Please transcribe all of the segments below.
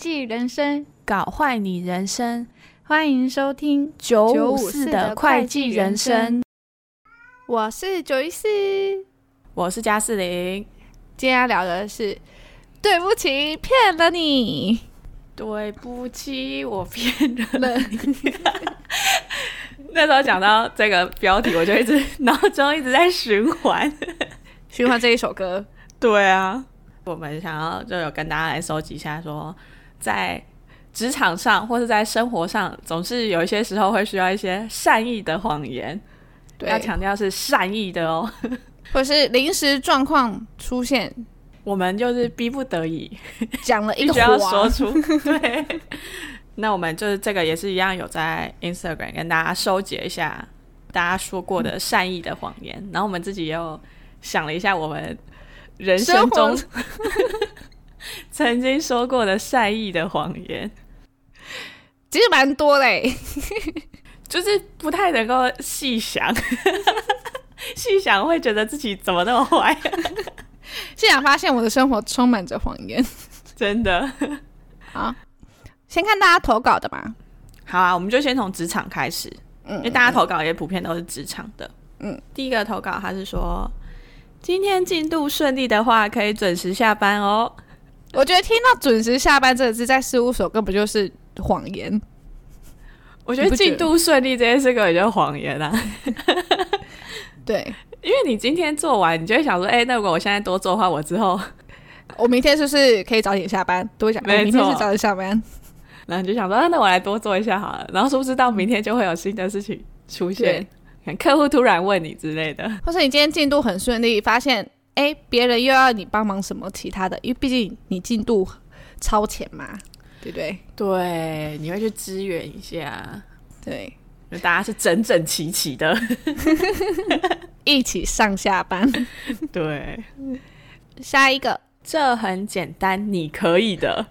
計人生搞壞你人生，歡迎收聽九五四的會計人生。我是九一四，我是佳士林。今天要聊的是，對不起，騙了你。對不起，我騙了你。 那時候講到這個標題，我就一直腦中 一直在循環， 循環這一首歌。對啊，我們想要就有跟大家來蒐集一下說。在職場上或是在生活上，總是有一些時候會需要一些善意的謊言。要強調是善意的哦，或是臨時狀況出現，我們就是逼不得已講了一個話要說出對， 那我們就是這個也是一樣，有在 Instagram 跟大家收集一下大家說過的善意的謊言、嗯，然後我們自己又想了一下我們人生中生。 曾經說過的善意的謊言，其實蠻多嘞、欸， 就是不太能夠細想，細 想會覺得自己怎麼那麼壞、啊，細 想發現我的生活充滿着謊言，真的。好，先看大家投稿的吧。好啊，我們就先從職場開始、嗯，因為大家投稿也普遍都是職場的。嗯，第一個投稿他是說，今天進度順利的話，可以準時下班哦。我覺得聽到準時下班，這個字，在事務所根本就是謊言。我覺得進度順利這件事根本就是謊言啊。對，因為你今天做完，你就會想說，哎、欸，那如果我現在多做的話，我之後我明天是不是可以早點下班？多一、哦、明天是早點下班。然後你就想說、啊，那我來多做一下好了。然後殊不知到明天就會有新的事情出現，對，客戶突然問你之類的，或者你今天進度很順利，發現。哎、欸，別人又要你幫忙什麼其他的？因為畢竟你進度超前嘛，對不對？對，你會去支援一下。對，大家是整整齊齊的， 一起上下班。 對，下一個，這很簡單，你可以的。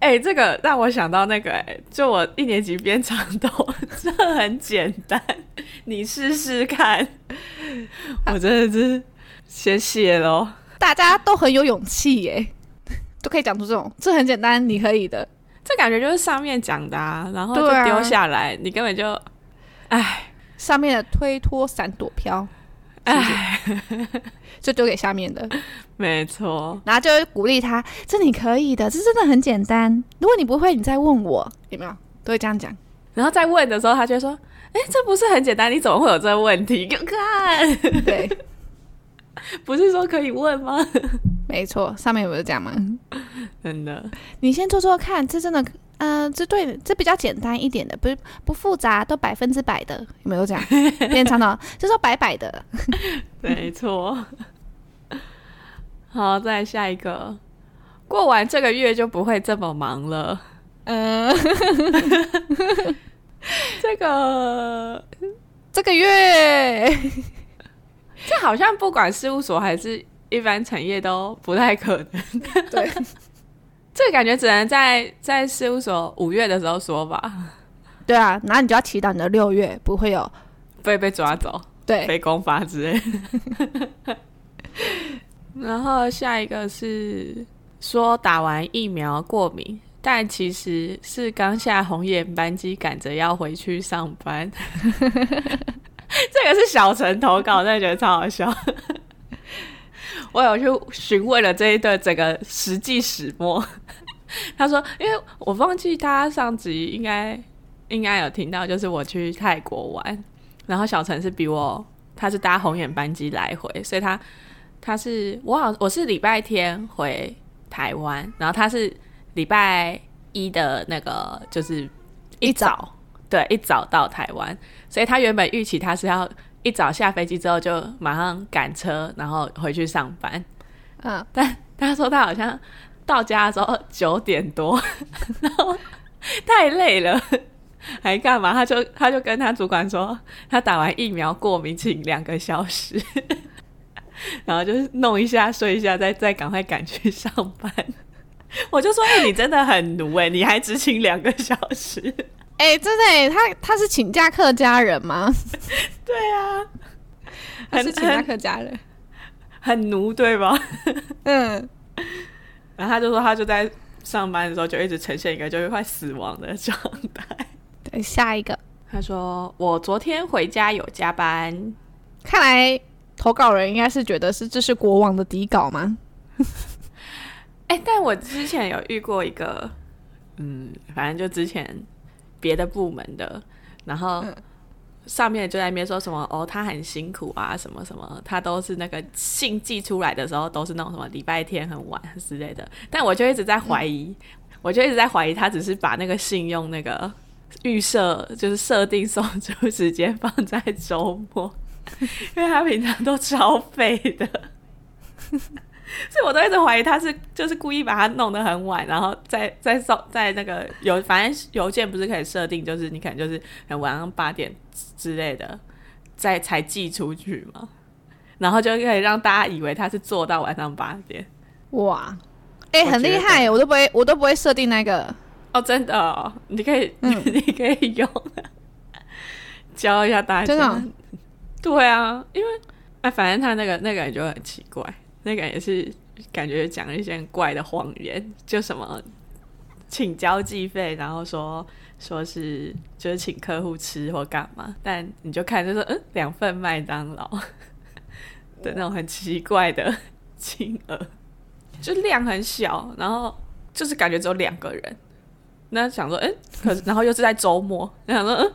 哎、欸，這個讓我想到那個、欸，就我一年級編長都這很簡單，你試試看。我真的真是謝謝嘍，大家都很有勇氣耶！ 都可以講出這種，這很簡單，你可以的。這感覺就是上面講的、啊，然後就丟下來、啊，你根本就，哎，上面的推脫、閃躲、飄，哎， 就丟給下面的，沒錯。然後就會鼓勵他，這你可以的，這真的很簡單。如果你不會，你再問我，有沒有都會這樣講。然後再問的時候，他就會說，哎、欸，這不是很簡單？你怎麼會有這個問題？給我看， 對。不是說可以問嗎？ 沒錯，上面有沒有講嗎？真的，你先做做看，這真的，呃，這對，這比較簡單一點的，不是不複雜，都百分之百的，有沒有這樣？變長的，就說白白的， 沒錯。好，再來下一個，過完這個月就不會這麼忙了。嗯、呃， 這個這個月。這好像不管事務所還是一般產業都不太可能。 對，這感覺只能在在事務所五月的時候說吧。對啊，那你就要祈禱你的六月不會有被被抓走、對被攻發之類。 然後下一個是說打完疫苗過敏，但其實是剛下紅眼班機，趕着要回去上班。 這個是小陳投稿，真的覺得超好笑。 我有去詢問了這一對整個實際始末， 他說：“因為我忘記他上集應該應該有聽到，就是我去泰國玩，然後小陳是比我，他是搭紅眼班機來回，所以他他是我好我是禮拜天回台灣，然後他是禮拜一的那個就是一早，一早，對，一早到台灣。”所以他原本預期他是要一早下飛機之後就馬上趕車，然後回去上班。啊！但他說他好像到家的時候九點多，然後太累了，還幹嘛？他就他就跟他主管說，他打完疫苗過敏，請兩個小時，然後就是弄一下睡一下，再再趕快趕去上班。我就說，欸，你真的很奴哎，欸，你還只請兩個小時。哎、欸，真的、欸，他他是請假客家人嗎？ 對啊，他是請假客家人，很，很，很奴對吧？ 嗯。然後他就說，他就在上班的時候就一直呈現一個就是快死亡的狀態。等一下一個，他說我昨天回家有加班，看來投稿人應該是覺得是這是國王的底稿嗎？哎、 欸，但我之前有遇過一個， 嗯，反正就之前。別的部門的，然後上面就在那邊說什麼哦，他很辛苦啊，什麼什麼，他都是那個信寄出來的時候都是那種什麼禮拜天很晚之類的。但我就一直在懷疑、嗯，我就一直在懷疑他只是把那個信用那個預設就是設定送出時間放在周末，因為他平常都超廢的。 所以我都一直懷疑他是就是故意把他弄得很晚，然後在在送在那個郵，反正郵件不是可以設定，就是你可能就是晚上八點之類的，再才寄出去嘛，然後就可以讓大家以為他是做到晚上八點。哇，哎、欸，很厲害，我都不會，我都不會設定那個哦，真的。哦，你可以，你可以用， 教一下大家。真的、啊，對啊，因為哎，反正他那個那個感覺就很奇怪。那個也是感覺講了一些怪的謊言，就什麼請交際費，然後說說是就是請客戶吃或幹嘛，但你就看就是嗯兩份麥當勞 的那種很奇怪的金額，就量很小，然後就是感覺只有兩個人，那想說嗯，可是，然後又是在周末，然後想說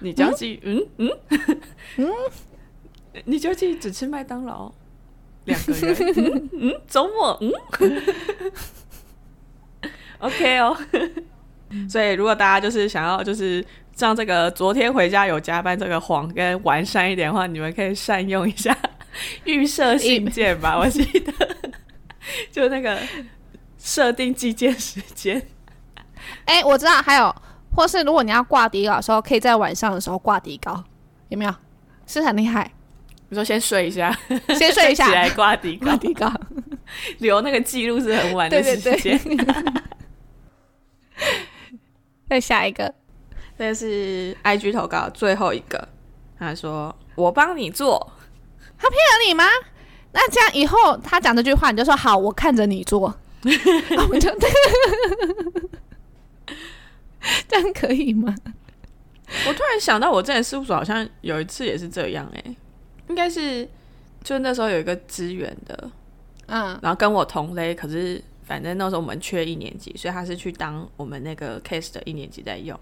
你交際嗯嗯嗯，你交際、嗯嗯、 只吃麥當勞。兩個人、 嗯，嗯，周末，嗯 ，OK 哦， 所以如果大家就是想要就是像這個昨天回家有加班這個謊跟完善一點的話，你們可以善用一下預設信件吧。欸、我記得 就那個設定寄件時間。哎，我知道，還有，或是如果你要掛底稿的時候，可以在晚上的時候掛底稿，有沒有？是很厲害。你說先睡一下，先睡一下， 起來掛底掛底稿， 留那個記錄是很晚的時間。對對對 再下一個，這是 IG 投稿最後一個。他說：“我幫你做，他騙了你嗎？”那這樣以後他講這句話，你就說：“好，我看着你做。 我就” 這樣可以嗎？我突然想到，我之前事務所好像有一次也是這樣哎、欸。應該是，就那時候有一個支援的，嗯，然後跟我同類，可是反正那時候我們缺一年級，所以他是去當我們那個 case 的一年級在用，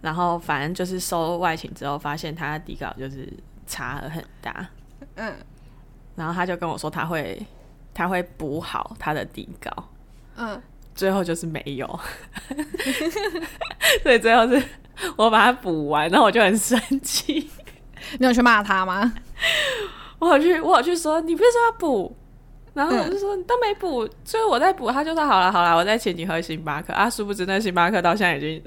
然後反正就是收外勤之後，發現他底稿就是差額很大，嗯，然後他就跟我說他會他會補好他的底稿，嗯，最後就是沒有， 所以最後是我把他補完，然後我就很生氣。你有去罵他嗎？我好去，我好去說，你不是說要補，然後我就說你都沒補，最後我再補，他就說好了，好了，我再請你喝星巴克啊！殊不知那星巴克到現在已經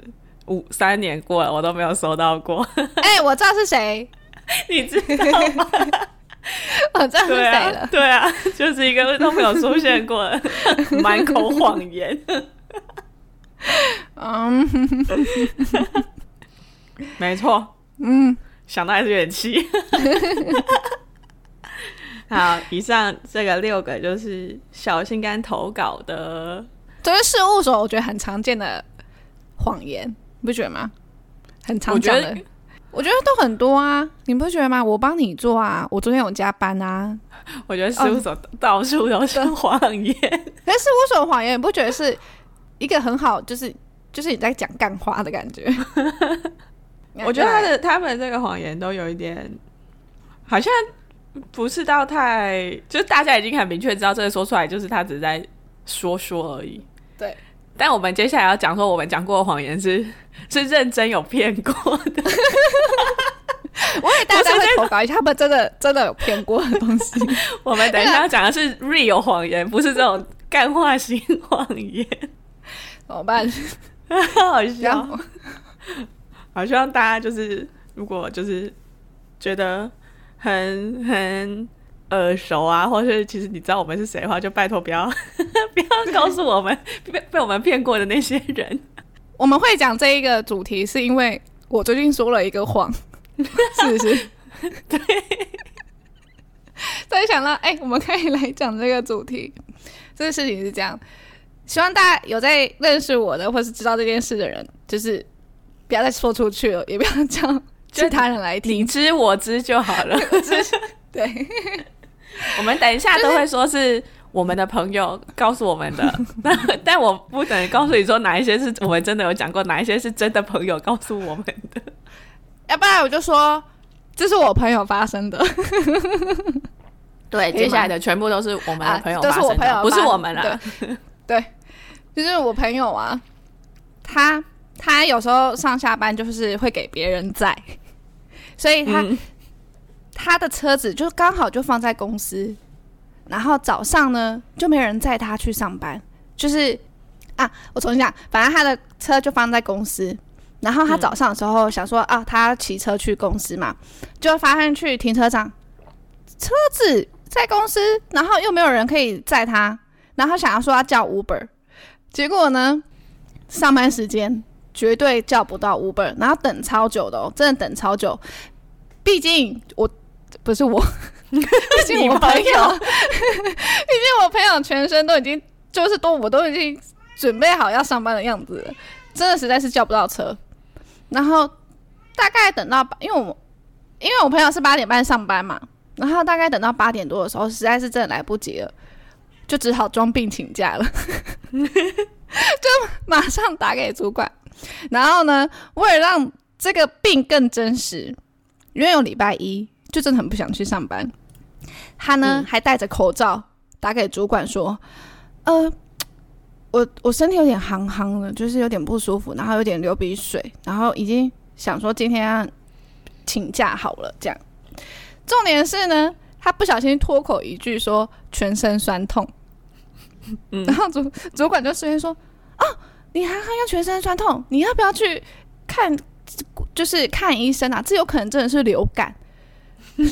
五三年過了，我都沒有收到過。哎、欸，我知道是誰， 你知道嗎？ 我知道是誰了對、啊，對啊，就是一個都沒有出現過的 Michael 謊言，滿口謊言。嗯，沒錯，嗯。想到還是有點氣。 好，以上這個六個就是小心肝投稿的，這是事務所，我覺得很常見的謊言，你不覺得嗎？很常見的我，我覺得都很多啊，你不覺得嗎？我幫你做啊，我昨天有加班啊。我覺得事務所到處都是謊言，但、哦、事務所謊言，你不覺得是一個很好，就是就是你在講幹話的感覺。 我覺得他的他們這個謊言都有一點，好像不是到太，就是大家已經很明確知道，這個說出來就是他只是在說說而已。對，但我們接下來要講說我們講過的謊言是是認真有騙過的 是在。 我也大家會投稿一下他們真的真的有騙過的東西 。我們等一下要講的是 real 謊言，不是這種幹話型謊言。 怎麼辦？ 好笑。好，希望大家就是，如果就是覺得很很耳熟啊，或是其實你知道我們是誰的話，就拜託不要呵呵，不要告訴我們被被我們騙過的那些人。我們會講這一個主題，是因為我最近說了一個謊， 是不是？ 對，所以想到哎、欸，我們可以來講這個主題。這個事情是這樣，希望大家有在認識我的或是知道這件事的人，就是。不要再說出去了，也不要叫其他人來聽。你知我知就好了。 對， 我們等一下都會說是我們的朋友告訴我們的。但 但我不等於告訴你說哪一些是我們真的有講過，哪一些是真的朋友告訴我們的。要不然我就說這是我朋友發生的。 對，接下來的全部都是我們的朋友發生的，發、啊、都是我朋友，不是我們啊對。對，就是我朋友啊，他。他有時候上下班就是會給別人載，所以他、嗯、他的車子就剛好就放在公司，然後早上呢就沒有人載他去上班，就是啊，我重新講。反正他的車就放在公司，然後他早上的時候想說、嗯、啊，他騎車去公司嘛，就發現去停車場，車子在公司，然後又沒有人可以載他，然後想要說他叫 Uber，結果呢上班時間。絕對叫不到 Uber，然後等超久的哦，真的等超久。畢竟我不是我， 畢竟我朋友， 畢竟我朋友全身都已經就是都我都已經準備好要上班的樣子了，真的實在是叫不到車。然後大概等到，因為我因為我朋友是八點半上班嘛，然後大概等到八點多的時候，實在是真的來不及了，就只好裝病請假了， 就馬上打給主管。然後呢，為了讓這個病更真實，因為有禮拜一就真的很不想去上班。他呢、嗯、還戴着口罩打給主管說：“呃，我我身體有點夯夯的，就是有點不舒服，然後有點流鼻水，然後已經想說今天請假好了。”這樣，重點是呢，他不小心脫口一句說“全身酸痛”，嗯、然後主主管就聲音說：“啊！”你還要全身酸痛，你要不要去看，就是看醫生啊？這有可能真的是流感。 可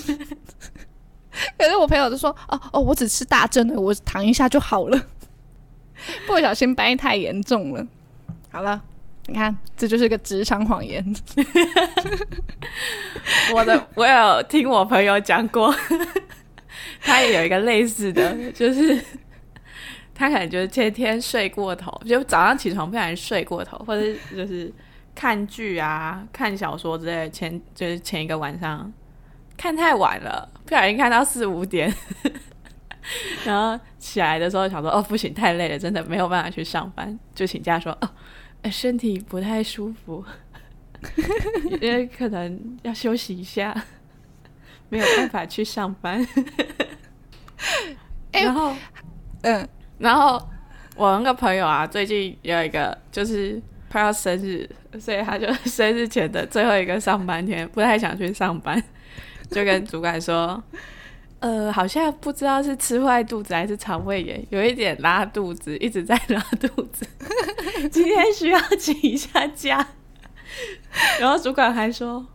是我朋友就說：“哦哦，我只吃大針的，我躺一下就好了，不小心掰太嚴重了。”好了，你看，這就是個職場謊言。 我的， 我有聽我朋友講過，他也有一個類似的 就是。他可能就是天天睡過頭，就早上起床不小心睡過頭，或者就是看劇啊、看小說之類的，前就是前一個晚上看太晚了，不小心看到四五點， 然後起來的時候想說：“哦，不行，太累了，真的沒有辦法去上班，就請假說哦，身體不太舒服，因為可能要休息一下，沒有辦法去上班。 ”然後，嗯、欸。欸然後我那個朋友啊，最近有一個就是快要生日，所以他就生日前的最後一個上班天不太想去上班，就跟主管說：“呃，好像不知道是吃壞肚子還是腸胃炎，有一點拉肚子，一直在拉肚子，今天需要請一下假。 ”然後主管還說。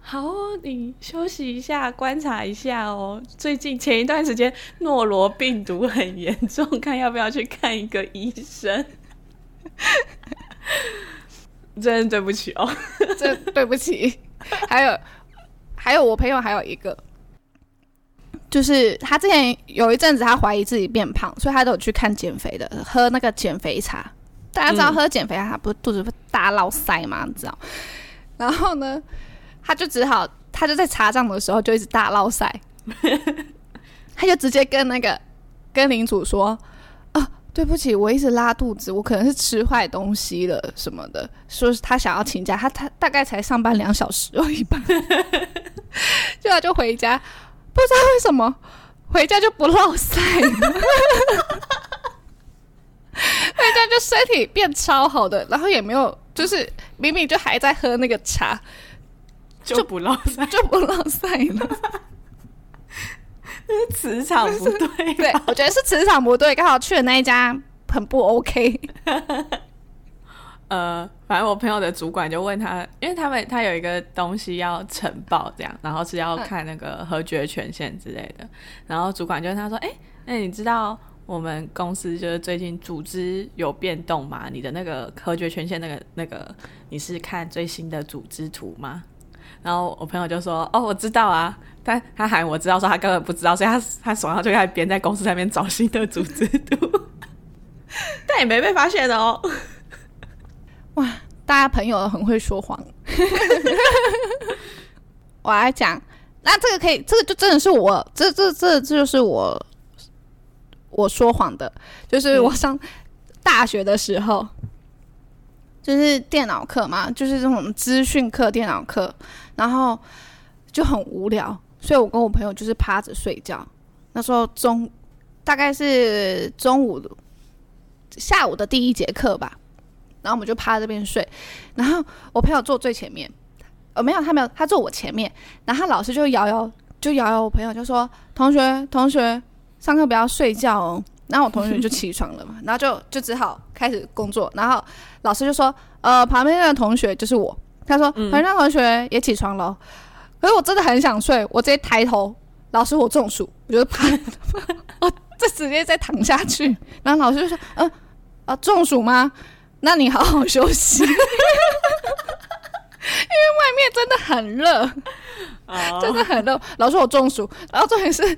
好、哦，你休息一下，觀察一下哦。最近前一段時間諾羅病毒很嚴重，看要不要去看一個醫生。 真對不起哦， 真對不起。還有，還有我朋友還有一個，就是他之前有一陣子他懷疑自己變胖，所以他都有去看減肥的，喝那個減肥茶。大家知道喝減肥茶，嗯、他不是肚子會大老塞嗎？你知道？然後呢？他就只好，他就在查賬的時候就一直大烙賽。他就直接跟那個跟領組說：“啊，對不起，我一直拉肚子，我可能是吃壞東西了什麼的。”說是他想要請假，他他大概才上班兩小時而已吧，就他就回家，不知道為什麼回家就不烙賽，回 家就身體變超好的，然後也沒有，就是明明就還在喝那個茶。就不落就，就不落賽了。那 是磁場不對。對，我覺得是磁場不對。剛好去的那一家很不 OK。 呃，反正我朋友的主管就問他，因為他們他有一個東西要呈報，這樣，然後是要看那個核決權限之類的。嗯、然後主管就問他說：“哎、欸，那你知道我們公司就是最近組織有變動嗎？你的那個核決權限那個那個，你是看最新的組織圖嗎？”然後我朋友就說：“哦，我知道啊，但他喊我知道，說他根本不知道，所以他他手上就在邊在公司上面找新的組織圖 但也沒被發現的哦。”哇，大家朋友很會說謊。 我來講，那這個可以，這個就真的是我，這這這這就是我我說謊的，就是我上大學的時候、嗯，就是電腦課嘛，就是這種資訊課、電腦課。然後就很無聊，所以我跟我朋友就是趴着睡覺。那時候中大概是中午下午的第一節課吧，然後我們就趴在這邊睡。然後我朋友坐最前面，哦，沒有他沒有，他坐我前面。然後老師就搖搖，就搖搖我朋友，就說：“同學，同學，上課不要睡覺哦。”然後我同學就起床了嘛， 然後就就只好開始工作。然後老師就說：“呃，旁邊的同學就是我。”他說：“很、嗯、多同學也起床了，可是我真的很想睡。我直接抬頭，老師，我中暑，我就趴。 我就直接再躺下去。然後老師就說：‘啊、呃呃，中暑嗎？那你好好休息。 ’ 因為外面真的很熱，Oh. 真的很熱。老師，我中暑。然後重點是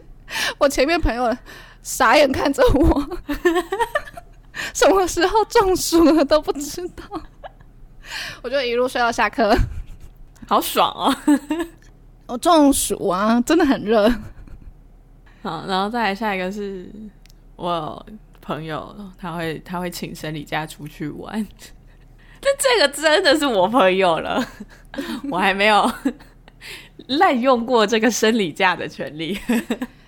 我前面朋友傻眼看着我， 什麼時候中暑了都不知道。嗯”我就一路睡到下課，好爽哦、喔，我、 oh, 中暑啊，真的很熱。好，然後再來下一個是我朋友，他會他會請生理假出去玩。那 這個真的是我朋友了， 我還沒有濫 用過這個生理假的權利。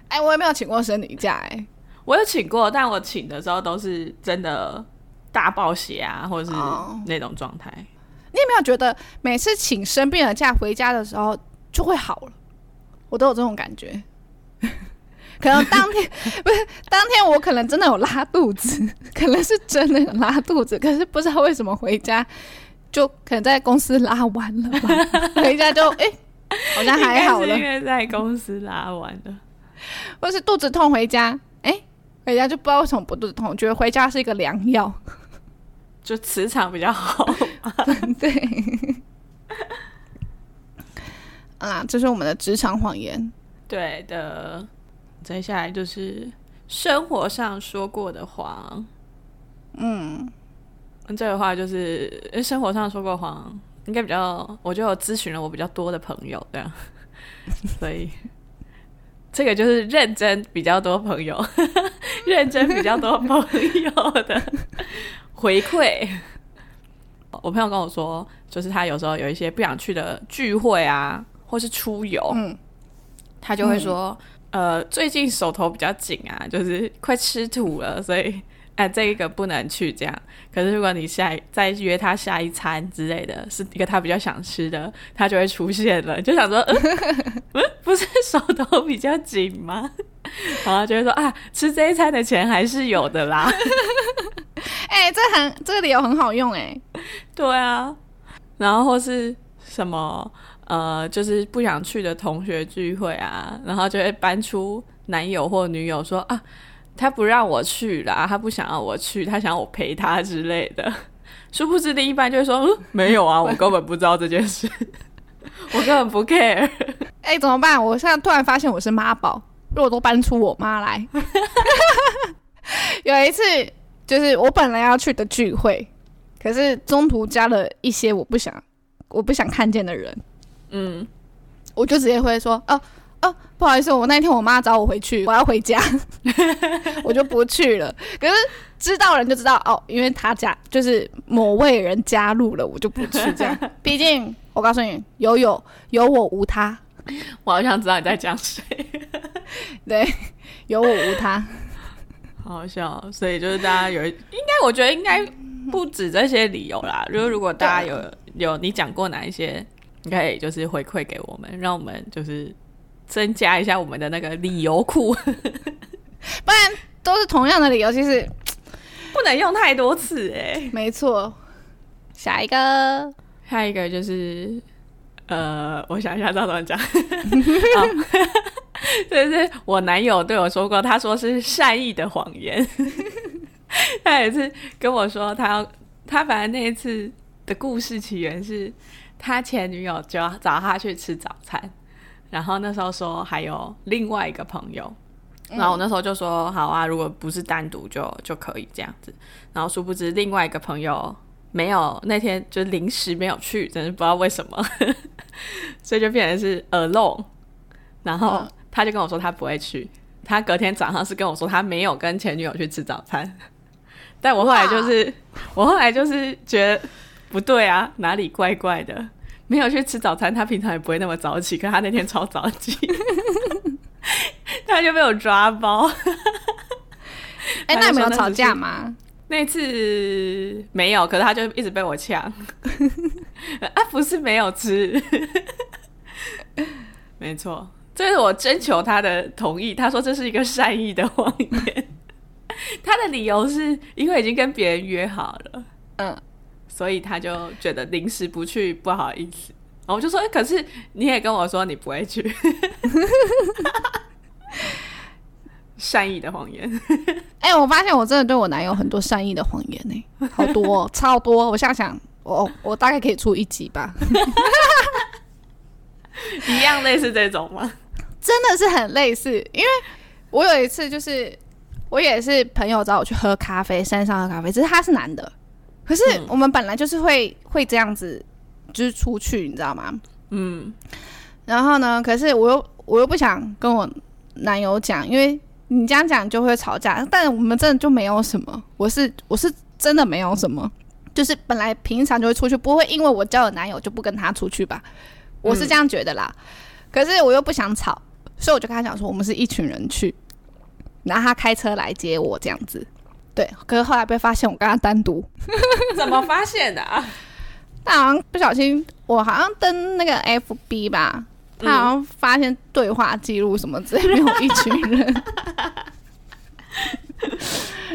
哎、 欸，我也沒有請過生理假、欸，哎，我有請過，但我請的時候都是真的大爆血啊，或者是那種狀態。Oh. 你有沒有覺得每次請生病的假回家的時候就會好了？我都有這種感覺。可能當天不是當天，我可能真的有拉肚子，可能是真的有拉肚子。可是不知道為什麼回家就可能在公司拉完了吧， 回家就哎、欸、好像還好了，因為在公司拉完了，或是肚子痛回家，哎、欸、回家就不知道為什麼不肚子痛，覺得回家是一個良藥，就磁場比較好。 對，啊，這是我們的職場謊言。對的，接下來就是生活上說過的謊。嗯，這個話就是生活上說過謊，應該比較，我就有諮詢了我比較多的朋友這樣，對啊，所以這個就是認真比較多朋友， 認真比較多朋友的回饋。我朋友跟我說，就是他有時候有一些不想去的聚會啊，或是出遊，嗯，他就會說，嗯：“呃，最近手頭比較緊啊，就是快吃土了，所以。”哎、啊，這一個不能去，這樣。可是如果你下一再約他下一餐之類的，是一個他比較想吃的，他就會出現了，就想說，呃 呃、不是手頭比較緊嗎？然後就會說啊，吃這一餐的錢還是有的啦。哎、 欸，這很這個理由很好用哎、欸。對啊，然後或是什麼呃，就是不想去的同學聚會啊，然後就會搬出男友或女友說啊。他不讓我去啦，他不想讓我去，他想我陪他之類的。殊不知的，一般就是說沒有啊，我根本不知道這件事， 我根本不 care。哎、欸，怎麼辦？我現在突然發現我是媽寶，如果都搬出我媽來。 有一次，就是我本來要去的聚會，可是中途加了一些我不想、我不想看見的人。嗯，我就直接回說哦。哦，不好意思，我那天我媽找我回去，我要回家， 我就不去了。可是知道人就知道哦，因為他家就是某位人加入了，我就不去這樣。 畢竟我告訴你，有有有我無他，我好想知道你在講誰。 對，有我無他，好、好笑哦。所以就是大家有一，應該我覺得應該不止這些理由啦。如果、嗯、如果大家有有，你講過哪一些，你可以就是回饋給我們，讓我們就是。增加一下我們的那個理由庫 ，不然都是同樣的理由，其實不能用太多次哎。沒錯，下一個，下一個就是呃，我想一下怎麼講。 哦、 就是我男友對我說過，他說是善意的謊言。 他也是跟我說他，他要他反正那一次的故事起源是他前女友就要找他去吃早餐。然後那時候說還有另外一個朋友，然後我那時候就說好啊，如果不是單獨就就可以這樣子。然後殊不知另外一個朋友沒有，那天就臨時沒有去，真的不知道為什麼， 所以就變成是 alone。然後他就跟我說他不會去，他隔天早上是跟我說他沒有跟前女友去吃早餐。但我後來就是我後來就是覺得不對啊，哪裡怪怪的。沒有去吃早餐，他平常也不會那麼早起，可是他那天超早起， 他就被我抓包。哎、欸， 那你沒有吵架嗎？那次沒有，可是他就一直被我嗆。 啊，不是沒有吃， 沒錯，這、就是我徵求他的同意，他說這是一個善意的謊言， 他的理由是因為已經跟別人約好了，嗯。所以他就覺得臨時不去不好意思，我、oh, 就說，可是你也跟我說你不會去， 善意的謊言。哎、 欸，我發現我真的對我男友很多善意的謊言呢、欸，好多、哦、超多。我想想，我、哦、我大概可以出一集吧， 一樣類似這種嗎？ 真的是很類似，因為我有一次就是我也是朋友找我去喝咖啡，山上喝咖啡，只是他是男的。可是我們本來就是會、嗯、會這樣子，就是出去，你知道嗎？嗯。然後呢？可是我又我又不想跟我男友講，因為你這樣講就會吵架。但我們真的就沒有什麼，我是我是真的沒有什麼、嗯，就是本來平常就會出去，不會因為我交了男友就不跟他出去吧？我是這樣覺得啦。嗯、可是我又不想吵，所以我就跟他講說，我們是一群人去，然後他開車來接我這樣子。對，可是後來被發現我跟他單獨， 怎麼發現的、啊？他好像不小心，我好像登那個 FB 吧，嗯、他好像發現對話記錄什麼之類，沒有一群人。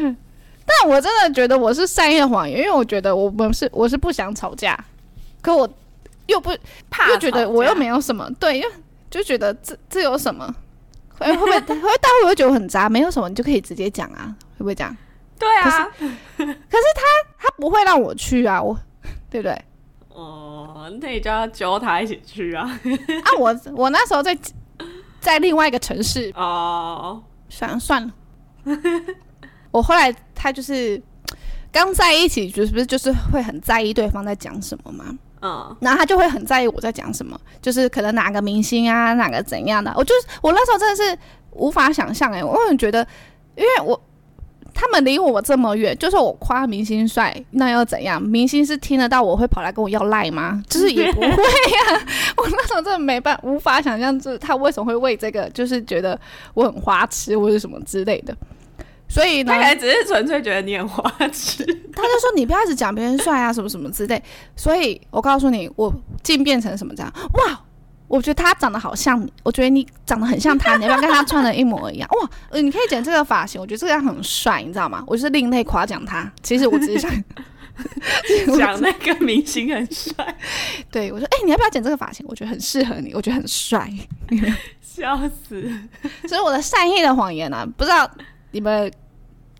但我真的覺得我是善意的謊言，因為我覺得我們是我是不想吵架，可我又不，又覺得我又沒有什麼對，又就覺得這這有什麼？會、欸、會不會會大會不會覺得我很渣？沒有什麼，你就可以直接講啊，會不會這樣？對啊可， 可是他他不會讓我去啊，我對不對？哦、oh,，那你就要揪他一起去啊 啊，我我那時候在在另外一個城市哦、oh.，算了算了， 我後來他就是剛在一起，就是不是就是會很在意對方在講什麼嘛？啊、oh.，然後他就會很在意我在講什麼，就是可能哪個明星啊，哪個怎樣的，我就是我那時候真的是無法想象哎、欸，我很覺得因為我。他們離我這麼遠，就算我誇明星帥，那又怎樣？明星是聽得到我會跑來跟我要賴嗎？就是也不會呀、啊。 我那時候真的沒辦法，無法想象是他為什麼會為這個，就是覺得我很花痴或者什麼之類的。所以呢，他可能只是純粹覺得你很花痴。他就說你不要一直講別人帥啊什麼什麼之類。所以我告訴你，我竟變成什麼這樣哇！我覺得他長得好像你，我覺得你長得很像他，你要不要跟他穿的一模一樣？哇、 哦呃，你可以剪這個髮型，我覺得這個樣很帥，你知道嗎？我就是另類誇獎他，其實我只是想講 那個明星很帥。對，我說，哎、欸，你要不要剪這個髮型？我覺得很適合你，我覺得很帥，笑死！所以我的善意的謊言呢、啊，不知道你們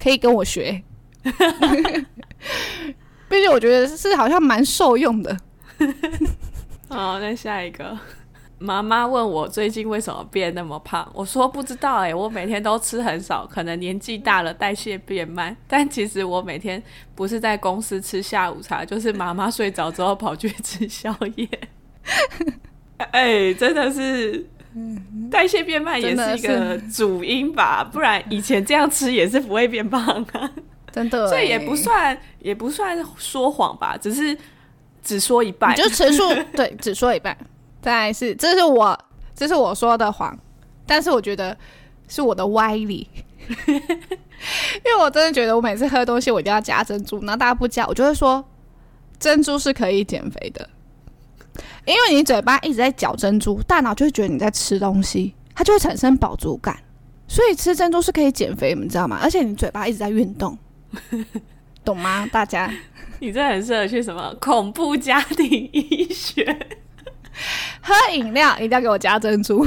可以跟我學。畢 竟，我覺得是好像蠻受用的。 好，那下一個。媽媽問我最近為什麼變那麼胖，我說不知道哎、欸，我每天都吃很少，可能年紀大了代謝變慢。但其實我每天不是在公司吃下午茶，就是媽媽睡着之後跑去吃宵夜。哎、 欸，真的是，代謝變慢也是一個主因吧，不然以前這樣吃也是不會變胖的、啊。 真的、欸，這也不算也不算說謊吧，只是只說一半，就陳述對， 只說一半。但是這是我，這是我說的謊，但是我覺得是我的歪理， 因為我真的覺得我每次喝東西我一定要加珍珠，然後大家不加，我就會說珍珠是可以減肥的，因為你嘴巴一直在嚼珍珠，大腦就會覺得你在吃東西，它就會產生飽足感，所以吃珍珠是可以減肥，你知道嗎？而且你嘴巴一直在運動， 懂嗎？大家，你這很適合去什麼恐怖家庭醫學。喝飲料一定要給我加珍珠，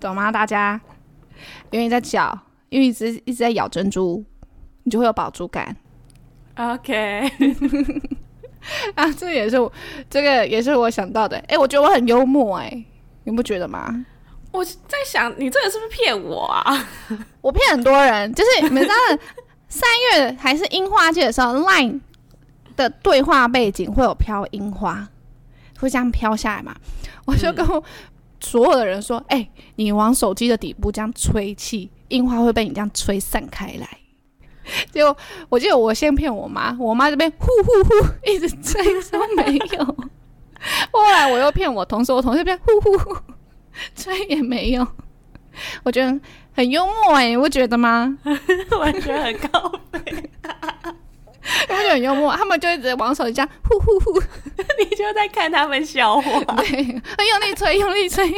懂 嗎？ 大家，因為你在嚼，因為一直一直在咬珍珠，你就會有飽足感。OK， 啊，這個也是我，這個也是我想到的。哎、欸，我覺得我很幽默、欸，哎，你不覺得嗎？我在想，你這個是不是騙我啊？ 我騙很多人，就是你們知道，三月還是櫻花季的時候，Line。的對話背景會有飄櫻花，會這樣飄下來嘛？我就跟我所有的人說：“哎、嗯欸，你往手機的底部這樣吹氣，櫻花會被你這樣吹散開來。”結果我記得我先騙我媽，我媽這邊呼呼呼一直吹 都沒有。後來我又騙我同事，我同事這邊呼呼呼吹也沒有。我覺得很幽默哎、欸，你不覺得嗎？ 完全很高 因 就很幽默，他們就一直往手機這樣呼呼呼， 你就在看他們笑話。 對，很用力吹，用力吹。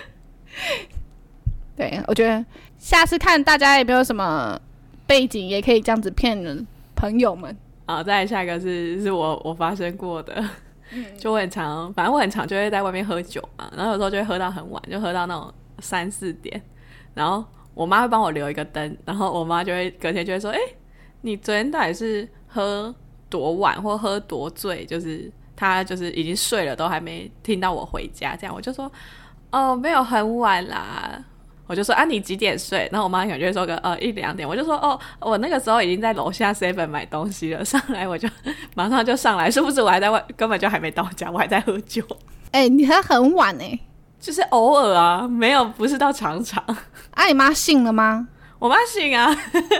對，我覺得下次看大家也沒有什麼背景，也可以這樣子騙朋友們。好、哦，再下一個是是我我發生過的，就我很常，反正我很常就會在外面喝酒嘛，然後有時候就會喝到很晚，就喝到那種三四點，然後我媽會幫我留一個燈，然後我媽就會隔天就會說，哎、欸。你昨天到底是喝多晚或喝多醉？就是他就是已經睡了，都還沒聽到我回家，這樣我就說哦，沒有很晚啦。我就說啊，你幾點睡？然後我媽可能就會說個呃一兩點。我就說哦，我那個時候已經在樓下 seven 買東西了，上來我就馬上就上來，是不是我還在外根本就還沒到家，我還在喝酒？哎、欸，你很晚哎、欸，就是偶爾啊，沒有，不是到常常。啊、你媽醒了嗎？我媽醒啊。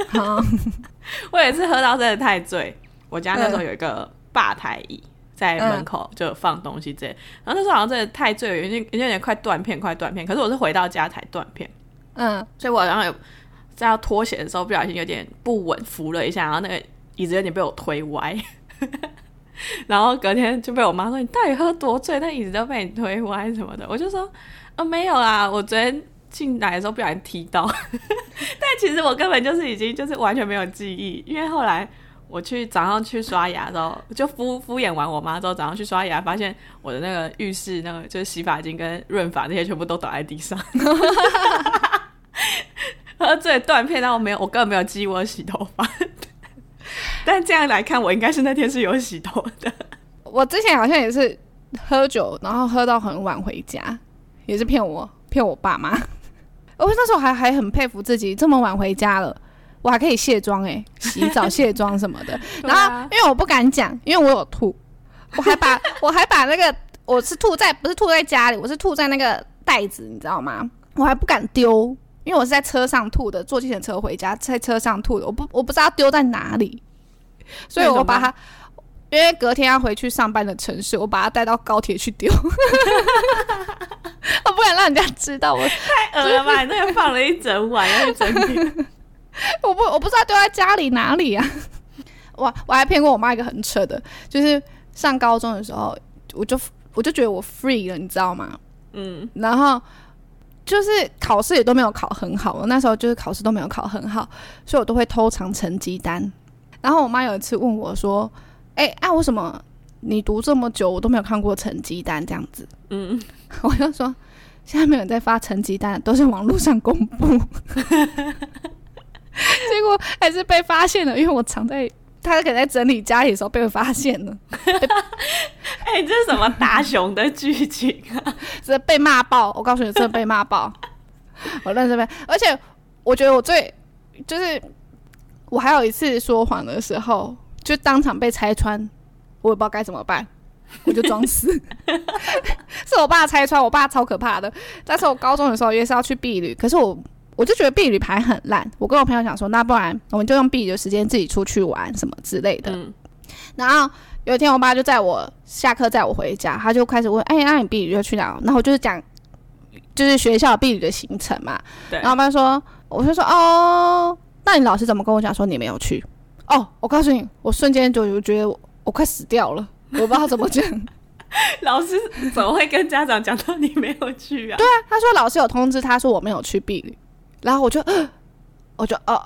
好啊 我也是喝到真的太醉，我家那時候有一個吧台椅在門口，就放東西這，然後那時候好像真的太醉，已經有點有點快斷片，快斷片。可是我是回到家才斷片，嗯，所以我然後有在要脫鞋的時候，不小心有點不穩，扶了一下，然後那個椅子有點被我推歪， 然後隔天就被我媽說你到底喝多醉，那椅子都被你推歪什麼的，我就說啊、呃、沒有啊，我昨天。進來的時候不小心踢到，但其實我根本就是已經就是完全沒有記憶，因為後來我去早上去刷牙的時候，就敷敷衍完我媽之後，早上去刷牙，發現我的那個浴室那個就是洗髮精跟潤髮那些全部都倒在地上， 喝醉斷片，然後沒有，我根本沒有記憶我洗頭髮，但這樣來看，我應該是那天是有洗頭的。我之前好像也是喝酒，然後喝到很晚回家，也是騙我騙我爸媽。因為那時候我還還很佩服自己這麼晚回家了，我還可以卸妝哎、欸，洗澡 卸妝什麼的。然後因為我不敢講，因為我有吐，我還把 我還把那個我是吐在不是吐在家裡，我是吐在那個袋子，你知道嗎？我還不敢丟，因為我是在車上吐的，坐計程車回家在車上吐的，我不我不知道丟在哪裡，所以我把它，因為隔天要回去上班的城市，我把它帶到高鐵去丟。 讓人家知道我太噁了吧！就是、 你那天放了一整晚， 一整天，我不，我不知道丟在家裡哪裡啊！我我還騙過我媽一個很扯的，就是上高中的時候，我就我就覺得我 free 了，你知道嗎？嗯，然後就是考試也都沒有考很好，我那時候就是考試都沒有考很好，所以我都會偷藏成績單。然後我媽有一次問我說：“哎、欸、哎，為、啊、什麼你讀這麼久，我都沒有看過成績單？”這樣子，嗯，我就說。現在沒有人在發成績單，都是網絡上公布。 結果還是被發現了，因為我藏在他可能在整理家裡的時候被我發現了。哎、 欸，這是什麼大雄的劇情啊？這被罵爆！我告訴你，這被罵爆！ 我認識沒？而且我覺得我最就是我還有一次說謊的時候，就當場被拆穿，我也不知道該怎麼辦。我就裝死，是我爸拆穿，我爸超可怕的。但是我高中的時候也是要去畢旅，可是我我就覺得畢旅排很爛。我跟我朋友講說，那不然我們就用畢旅的時間自己出去玩什麼之類的。嗯、然後有一天，我爸就載我下課載我回家，他就開始問：“哎、欸、那你畢旅要去哪？”然後我就是講，就是學校畢旅的行程嘛。然後我爸就說：“我就說哦，那你老師怎麼跟我講說你沒有去？”哦，我告訴你，我瞬間就就覺得我，我快死掉了。我不知道怎麼講， 老師怎麼會跟家長講到你沒有去啊？對啊，他說老師有通知，他說我沒有去畢旅，然後我就，我就哦，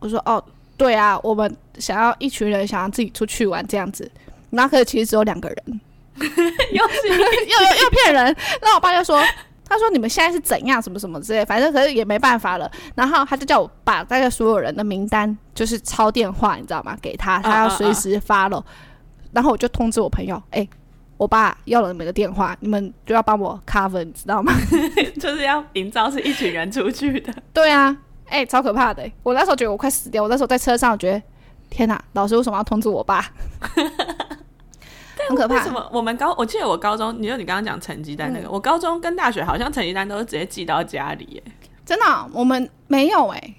我說哦，對啊，我們想要一群人，想要自己出去玩這樣子，那可是其實只有兩個人， 又，是 又又又騙人。那我爸就說，他說你們現在是怎樣，什麼什麼之類，反正可是也沒辦法了。然後他就叫我把那個所有人的名單，就是抄電話，你知道嗎？給他，他要隨時發了。Oh, uh, uh. 然後我就通知我朋友，哎、欸，我爸要了你們的電話，你們就要幫我 cover，你知道嗎？ 就是要營造是一群人出去的。對啊，哎、欸，超可怕的！我那時候覺得我快死掉，我那時候在車上，我覺得天哪，老師為什麼要通知我爸 我？很可怕。為什麼我們高？我記得我高中，你說你剛剛講成績單那個，我高中跟大學好像成績單都是直接寄到家裡，哎，真的、哦，我們沒有哎。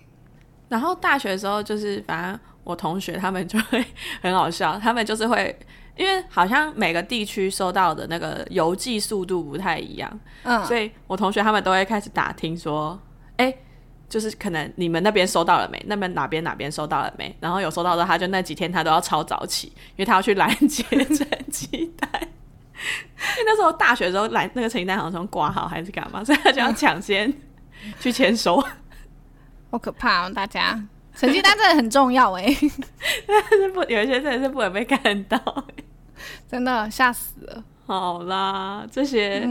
然後大學的時候就是反正。我同學他們就會很好笑，他們就是會，因為好像每個地區收到的那個郵寄速度不太一樣，嗯，所以我同學他們都會開始打聽說，哎、欸，就是可能你們那邊收到了沒？那邊哪邊哪邊收到了沒？然後有收到的，他就那幾天他都要超早起，因為他要去攔截成績單。 因為那時候大學的時候，攔那個成績單好像從掛號還是幹嘛，所以他就要搶先去簽收，好、嗯、可怕啊，大家。 成績單真的很重要哎、欸，但是不有一些真的是不會被看到、欸，真的嚇死了。好啦，這些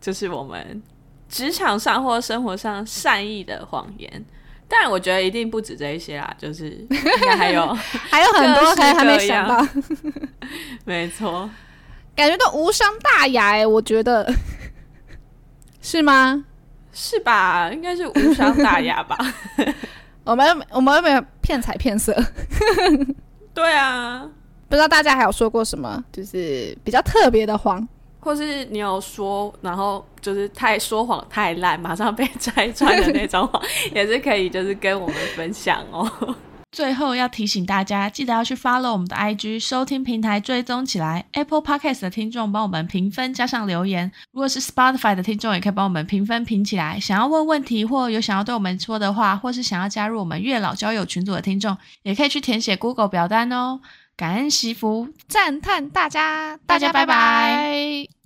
就是我們職場上或生活上善意的謊言，但我覺得一定不止這一些啦，就是應該還有各式各樣 還有很多可能還沒想到。 沒錯，感覺都無傷大雅哎、欸，我覺得是嗎？是吧？應該是無傷大雅吧。 我們我們又沒有騙財騙色？ 對啊，不知道大家還有說過什麼，就是比較特別的謊，或是你有說，然後就是太說謊太爛，馬上被拆穿的那種謊 也是可以，就是跟我們分享哦。 最後要提醒大家，記得要去 follow 我們的 IG、收聽平台追蹤起來。Apple Podcast 的聽眾幫我們評分加上留言，如果是 Spotify 的聽眾，也可以幫我們評分評起來。想要問問題或有想要對我們說的話，或是想要加入我們月老交友群組的聽眾，也可以去填寫 Google 表單哦。感恩惜福，讚嘆大家，大家拜拜。